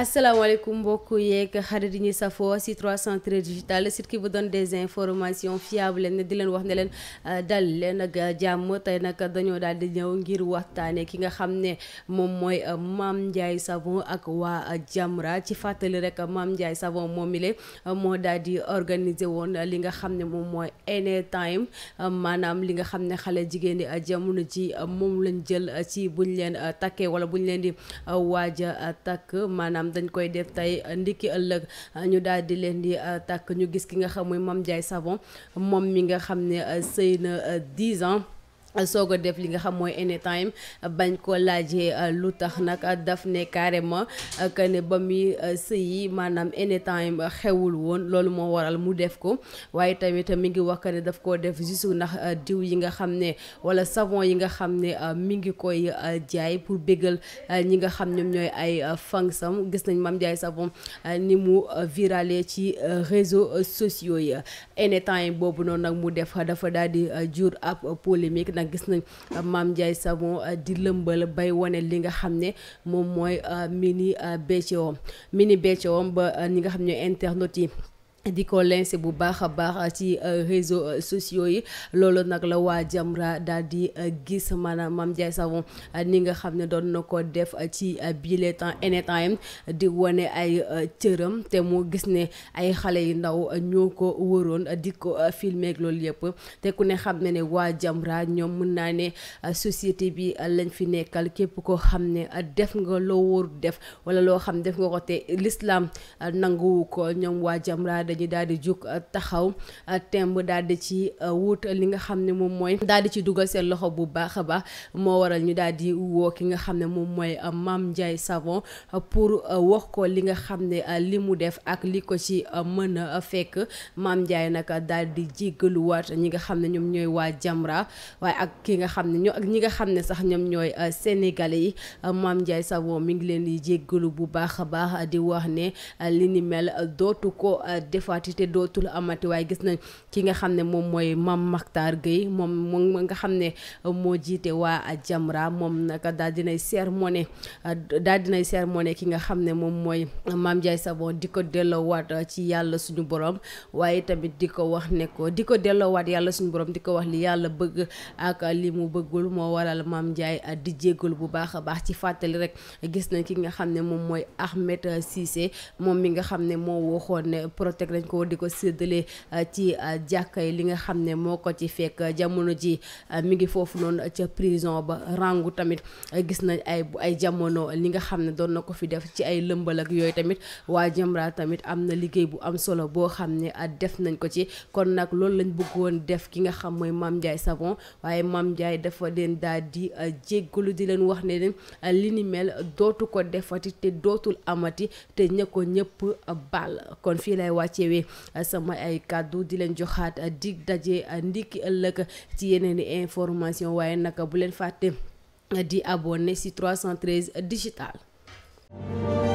asalaamaaleykum mbokk yeeg xarit yi ñuy safoo si 313 digital site qui vous donne des informations fiables leen di leen wax ne leen euh, dal leen ak jàmm tey nag dañoo daal di ñëw ngir waxtaanee ki nga xam ne moom mooy euh, maam Ndiaye Savon ak waa euh, Jamra ci fàttali rek maam Ndiaye Savon moom mi moo daal di organiser woon li nga xam ne moom mooy any time maanaam li nga xam ne xale jigéen ñi jamono ji moom lañ jël ci buñ leen takkee wala buñ leen di waaj a takk maanaam. am dañ koy def tey ndiki ëllëg ñu daal di leen di euh, tàkk ñu gis ki nga xam mooy Mame Ndiaye Savon moom mi nga xam ne euh, sëy na 10 euh, ans soog a def li nga xam mooy anytime bañ ko laajee euh, lu tax nag daf ne carrément euh, que ne ba muy euh, sëyi maanaam anytime xewul woon loolu moo waral mu def ko waaye tamit mi ngi wax que ne daf koo def juste ndax diw yi nga xam ne wala savon yi nga xam ne mi ngi koy jaay pour bégal ñi nga xam ñoom ñooy ay fansam gis nañ Mame Ndiaye Savon ni mu virale ci réseaux sociaux yi boobu noonu nag mu def dafa daal di jur ab polémique gis nañ euh, Mame Ndiaye Savon euh, di lëmbal bay wane li nga xam ne moom mooy euh, mini beccoom mini beccoom ba ñi nga xam ne internautes yi di ko lancé bu baax a baax ci euh, réseaux euh, sociaux yi loolu nag la waa jambra daal di euh, gis maanaam Mame Ndiaye Savon ni nga xam ne doon na ko def ci bile temps anytime di wane ay cëram te moo gis ne ay xale yu ndaw ñoo ko wëroon di ko filmer loolu yëpp te ku ne xam ne ne waa Jamra ñoom mën naa ne société bi lañ fi nekkal képp ko xam ne def nga loo wóor def wala loo xam def nga ko te l'islam nanguwu ko ñoom waa Jamra dañuy daal jukk jug euh, taxaw euh, temb daal di ci euh, wut li nga xam ne moom mooy daal di ci dugal seen loxo bu baax a baax moo waral ñu daal di woo ki nga xam ne moom mooy maam Ndiaye Savon pour wax ko li nga xam ne li mu def ak li ko ci mën a fekk maam Ndiaye nag daal di jéggaluwaat ñi nga xam ne ñoom ñooy waa Jamra ak ki nga xam ne ak ñi nga xam ne sax ñoom ñooy Sénégalais yi Mame Ndiaye Savon mi ngi leen di jéggalu bu baax di wax ne li ni mel dootu ko fatité dootul amati waaye gis nañ ki nga xam ne moom mooy maam Mactar Gueye moom moom nga xam ne moo jiite waa Jamra moom naka daal dinay sermoné daal dinay sermoné ki nga xam ne moom mooy Mame Ndiaye Savon di ko delloowaat ci yàlla suñu borom waaye tamit di ko wax ne ko di ko delloowaat yàlla suñu borom di ko wax li yàlla bëgg ak li mu bëggul moo waral Mame Ndiaye di jéggul bu baax a baax ci fàttali rek gis nañ xam ne moom mooy Ahmed Cissé rek dañ ko di ko séddalee euh, ci euh, jàkka yi li nga xam ne moo ko ci fekk euh, jamono ji mi ngi foofu noonu ca prison ba rangu tamit gis nañ ay ay jamono li nga xam ne doon na ko fi def ci ay lëmbal ak yooyu tamit waa Jamra tamit am na liggéey bu am solo boo xam ne def nañ ko ci kon nag loolu lañ bëggoon def ki nga xam mooy Mame Ndiaye Savon waaye maam Ndiaye dafa leen daal di jéggalu di leen wax ne leen li ni mel dootu ko defati te dootul amati te ña ko ñëpp baal kon fii lay wàcc teewee eh, sama ay kàddu di leen joxaat eh, dig daje eh, ndikki ëllëg ci yeneen i information waaye nag bu leen fàtte di abonné si 313 digital